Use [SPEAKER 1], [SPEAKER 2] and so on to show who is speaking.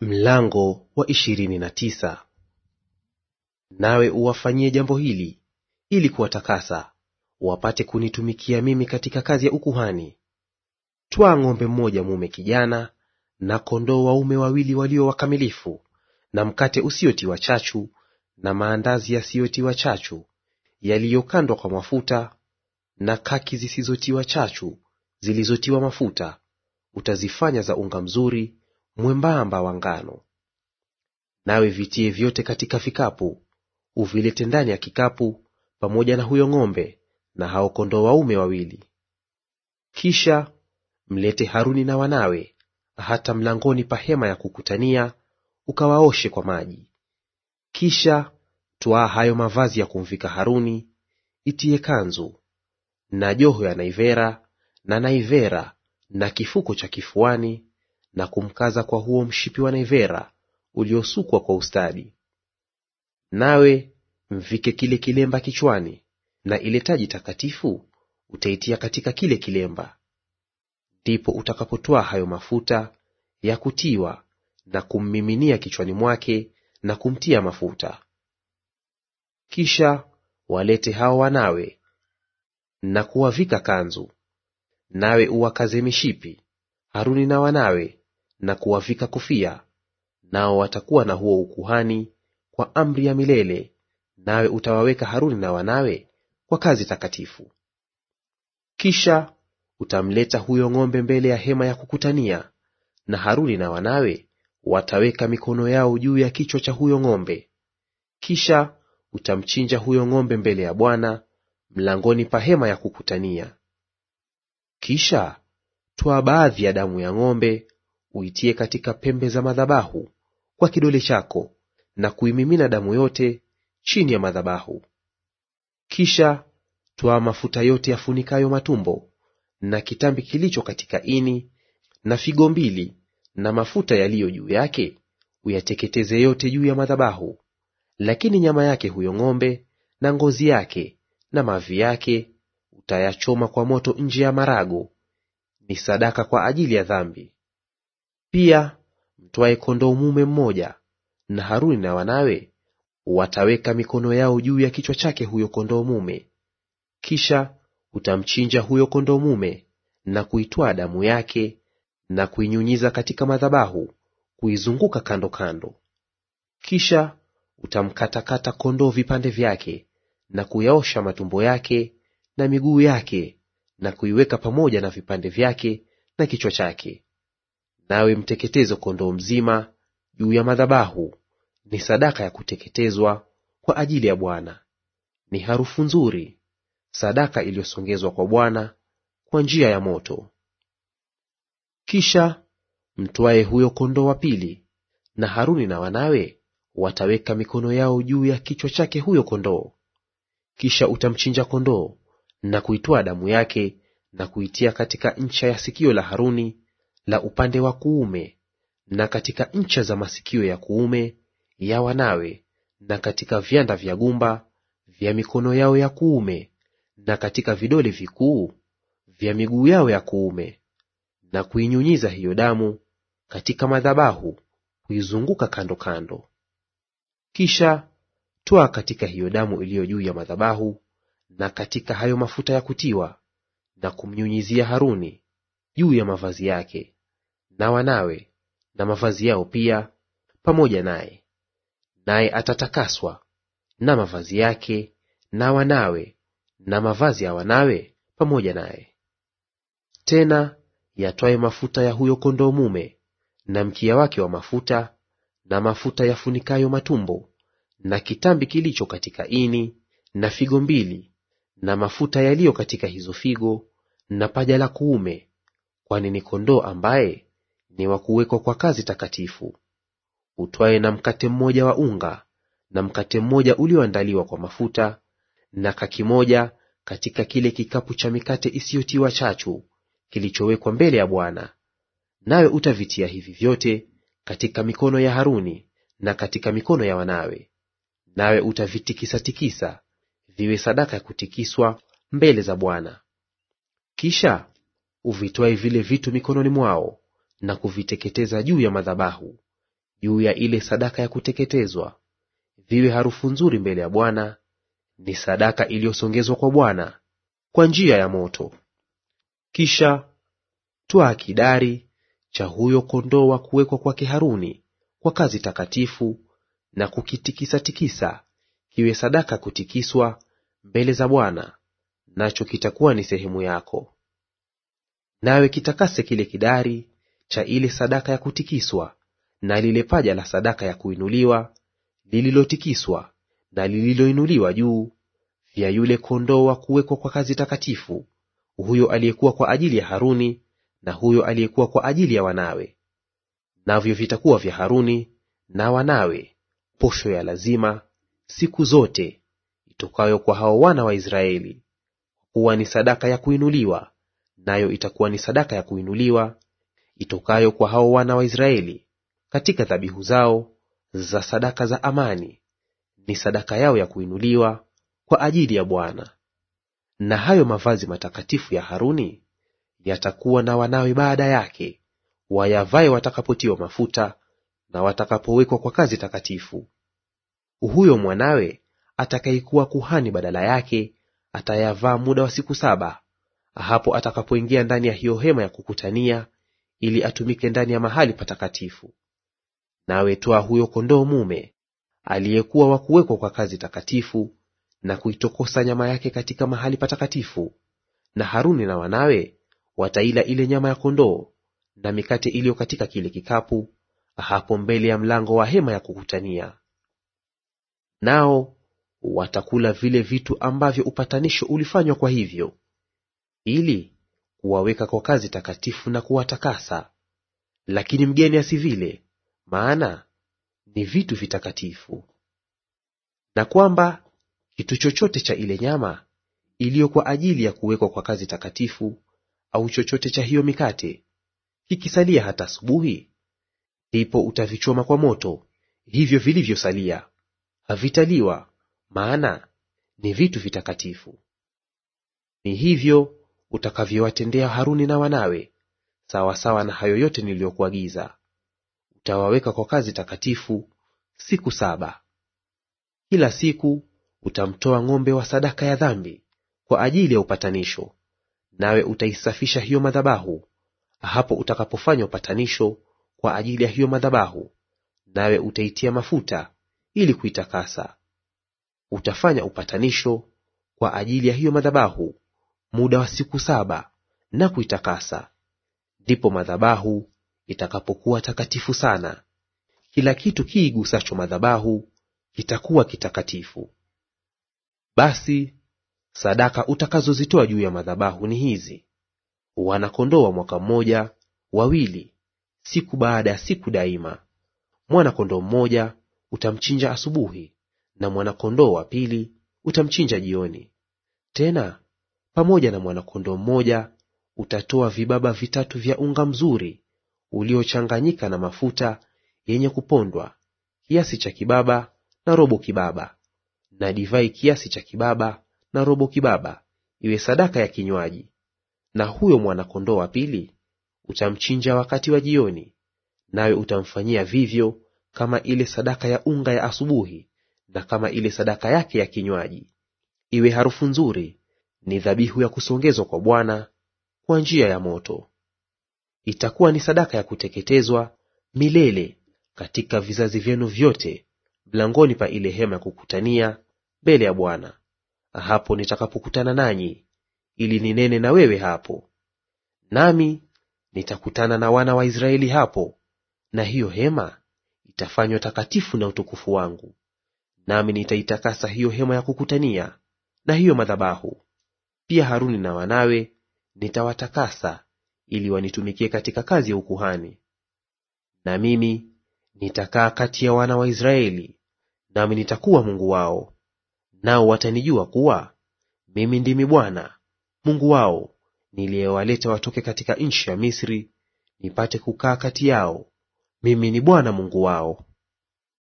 [SPEAKER 1] Mlango wa ishirini na tisa. Nawe uwafanyie jambo hili ili kuwatakasa wapate kunitumikia mimi katika kazi ya ukuhani. Twaa ng'ombe mmoja mume kijana na kondoo waume wawili walio wakamilifu na mkate usiotiwa chachu na maandazi yasiyotiwa chachu yaliyokandwa kwa mafuta na kaki zisizotiwa chachu zilizotiwa mafuta, utazifanya za unga mzuri mwembamba wa ngano. Nawe vitie vyote katika vikapu, uvilete ndani ya kikapu, pamoja na huyo ng'ombe na hao kondoo waume wawili. Kisha mlete Haruni na wanawe hata mlangoni pa hema ya kukutania, ukawaoshe kwa maji. Kisha twaa hayo mavazi ya kumvika Haruni, itiye kanzu na joho ya naivera na naivera na kifuko cha kifuani na kumkaza kwa huo mshipi wa naivera uliosukwa kwa ustadi. Nawe mvike kile kilemba kichwani, na ile taji takatifu utaitia katika kile kilemba. Ndipo utakapotoa hayo mafuta ya kutiwa na kummiminia kichwani mwake na kumtia mafuta. Kisha walete hao wanawe na kuwavika kanzu, nawe uwakaze mishipi. Haruni na wanawe na kuwavika kofia, nao watakuwa na huo ukuhani kwa amri ya milele, nawe utawaweka Haruni na wanawe kwa kazi takatifu. Kisha utamleta huyo ng'ombe mbele ya hema ya kukutania, na Haruni na wanawe wataweka mikono yao juu ya kichwa cha huyo ng'ombe. Kisha utamchinja huyo ng'ombe mbele ya Bwana mlangoni pa hema ya kukutania. Kisha twaa baadhi ya damu ya ng'ombe uitie katika pembe za madhabahu kwa kidole chako na kuimimina damu yote chini ya madhabahu. Kisha twaa mafuta yote yafunikayo matumbo na kitambi kilicho katika ini na figo mbili na mafuta yaliyo juu yake uyateketeze yote juu ya madhabahu. Lakini nyama yake huyo ng'ombe na ngozi yake na mavi yake utayachoma kwa moto nje ya marago; ni sadaka kwa ajili ya dhambi. Pia mtwaye kondoo mume mmoja, na Haruni na wanawe wataweka mikono yao juu ya kichwa chake huyo kondoo mume. Kisha utamchinja huyo kondoo mume na kuitwaa damu yake na kuinyunyiza katika madhabahu kuizunguka kando kando. Kisha utamkatakata kondoo vipande vyake na kuyaosha matumbo yake na miguu yake na kuiweka pamoja na vipande vyake na kichwa chake nawe mteketeze kondoo mzima juu ya madhabahu; ni sadaka ya kuteketezwa kwa ajili ya Bwana. Ni harufu nzuri, sadaka iliyosongezwa kwa Bwana kwa njia ya moto. Kisha mtwaye huyo kondoo wa pili, na Haruni na wanawe wataweka mikono yao juu ya kichwa chake huyo kondoo. Kisha utamchinja kondoo na kuitwa damu yake na kuitia katika ncha ya sikio la Haruni la upande wa kuume na katika ncha za masikio ya kuume ya wanawe na katika vyanda vya gumba vya mikono yao ya kuume na katika vidole vikuu vya miguu yao ya kuume, na kuinyunyiza hiyo damu katika madhabahu kuizunguka kando kando. Kisha toa katika hiyo damu iliyo juu ya madhabahu na katika hayo mafuta ya kutiwa, na kumnyunyizia Haruni juu ya mavazi yake, na wanawe na mavazi yao pia pamoja naye, naye atatakaswa na mavazi yake na wanawe na mavazi ya wanawe pamoja naye. Tena yatwaye mafuta ya huyo kondoo mume na mkia wake wa mafuta na mafuta yafunikayo matumbo na kitambi kilicho katika ini na figo mbili na mafuta yaliyo katika hizo figo na paja la kuume, kwani ni kondoo ambaye ni wa kuwekwa kwa kazi takatifu, utwaye na mkate mmoja wa unga na mkate mmoja ulioandaliwa kwa mafuta na kaki moja katika kile kikapu cha mikate isiyotiwa chachu kilichowekwa mbele ya Bwana. Nawe utavitia hivi vyote katika mikono ya Haruni na katika mikono ya wanawe, nawe utavitikisatikisa viwe sadaka ya kutikiswa mbele za Bwana. Kisha uvitwae vile vitu mikononi mwao na kuviteketeza juu ya madhabahu, juu ya ile sadaka ya kuteketezwa, viwe harufu nzuri mbele ya Bwana; ni sadaka iliyosongezwa kwa Bwana kwa njia ya moto. Kisha twaa kidari cha huyo kondoo wa kuwekwa kwake Haruni kwa kazi takatifu, na kukitikisa-tikisa kiwe sadaka kutikiswa mbele za Bwana, nacho kitakuwa ni sehemu yako. Nawe kitakase kile kidari cha ile sadaka ya kutikiswa na lile paja la sadaka ya kuinuliwa lililotikiswa na lililoinuliwa juu, vya yule kondoo wa kuwekwa kwa kazi takatifu, huyo aliyekuwa kwa ajili ya Haruni na huyo aliyekuwa kwa ajili ya wanawe. Navyo vitakuwa vya Haruni na wanawe, posho ya lazima siku zote itokayo kwa hao wana wa Israeli, kuwa ni sadaka ya kuinuliwa, nayo itakuwa ni sadaka ya kuinuliwa itokayo kwa hao wana wa Israeli katika dhabihu zao za sadaka za amani; ni sadaka yao ya kuinuliwa kwa ajili ya Bwana. Na hayo mavazi matakatifu ya Haruni yatakuwa na wanawe baada yake, wayavae watakapotiwa mafuta na watakapowekwa kwa kazi takatifu. Huyo mwanawe atakayekuwa kuhani badala yake atayavaa muda wa siku saba, hapo atakapoingia ndani ya hiyo hema ya kukutania ili atumike ndani ya mahali patakatifu. Nawe twaa huyo kondoo mume aliyekuwa wa kuwekwa kwa kazi takatifu, na kuitokosa nyama yake katika mahali patakatifu, na Haruni na wanawe wataila ile nyama ya kondoo na mikate iliyo katika kile kikapu, hapo mbele ya mlango wa hema ya kukutania. Nao watakula vile vitu ambavyo upatanisho ulifanywa kwa hivyo, ili kuwaweka kwa kazi takatifu na kuwatakasa, lakini mgeni asivile, maana ni vitu vitakatifu. Na kwamba kitu chochote cha ile nyama iliyo kwa ajili ya kuwekwa kwa kazi takatifu au chochote cha hiyo mikate kikisalia hata asubuhi, ndipo utavichoma kwa moto; hivyo vilivyosalia havitaliwa, maana ni vitu vitakatifu. Ni hivyo utakavyowatendea Haruni na wanawe sawasawa na hayo yote niliyokuagiza. Utawaweka kwa kazi takatifu siku saba. Kila siku utamtoa ng'ombe wa sadaka ya dhambi kwa ajili ya upatanisho, nawe utaisafisha hiyo madhabahu hapo utakapofanya upatanisho kwa ajili ya hiyo madhabahu, nawe utaitia mafuta ili kuitakasa. Utafanya upatanisho kwa ajili ya hiyo madhabahu muda wa siku saba na kuitakasa. Ndipo madhabahu itakapokuwa takatifu sana; kila kitu kiigusacho madhabahu kitakuwa kitakatifu. Basi sadaka utakazozitoa juu ya madhabahu ni hizi: wanakondoo wa mwaka mmoja wawili, siku baada ya siku daima. Mwana-kondoo mmoja utamchinja asubuhi, na mwana-kondoo wa pili utamchinja jioni. Tena pamoja na mwanakondoo mmoja utatoa vibaba vitatu vya unga mzuri uliochanganyika na mafuta yenye kupondwa kiasi cha kibaba na robo kibaba, na divai kiasi cha kibaba na robo kibaba, iwe sadaka ya kinywaji. Na huyo mwanakondoo wa pili utamchinja wakati wa jioni, nawe utamfanyia vivyo kama ile sadaka ya unga ya asubuhi na kama ile sadaka yake ya kinywaji, iwe harufu nzuri ni dhabihu ya kusongezwa kwa Bwana kwa njia ya moto. Itakuwa ni sadaka ya kuteketezwa milele katika vizazi vyenu vyote, mlangoni pa ile hema ya kukutania mbele ya Bwana, hapo nitakapokutana nanyi, ili ninene na wewe hapo. Nami nitakutana na wana wa Israeli hapo, na hiyo hema itafanywa takatifu na utukufu wangu. Nami nitaitakasa hiyo hema ya kukutania na hiyo madhabahu pia Haruni na wanawe nitawatakasa, ili wanitumikie katika kazi ya ukuhani. Na mimi nitakaa kati ya wana wa Israeli, nami nitakuwa Mungu wao, nao watanijua kuwa mimi ndimi Bwana Mungu wao niliyewaleta watoke katika nchi ya Misri, nipate kukaa kati yao. Mimi ni Bwana Mungu wao.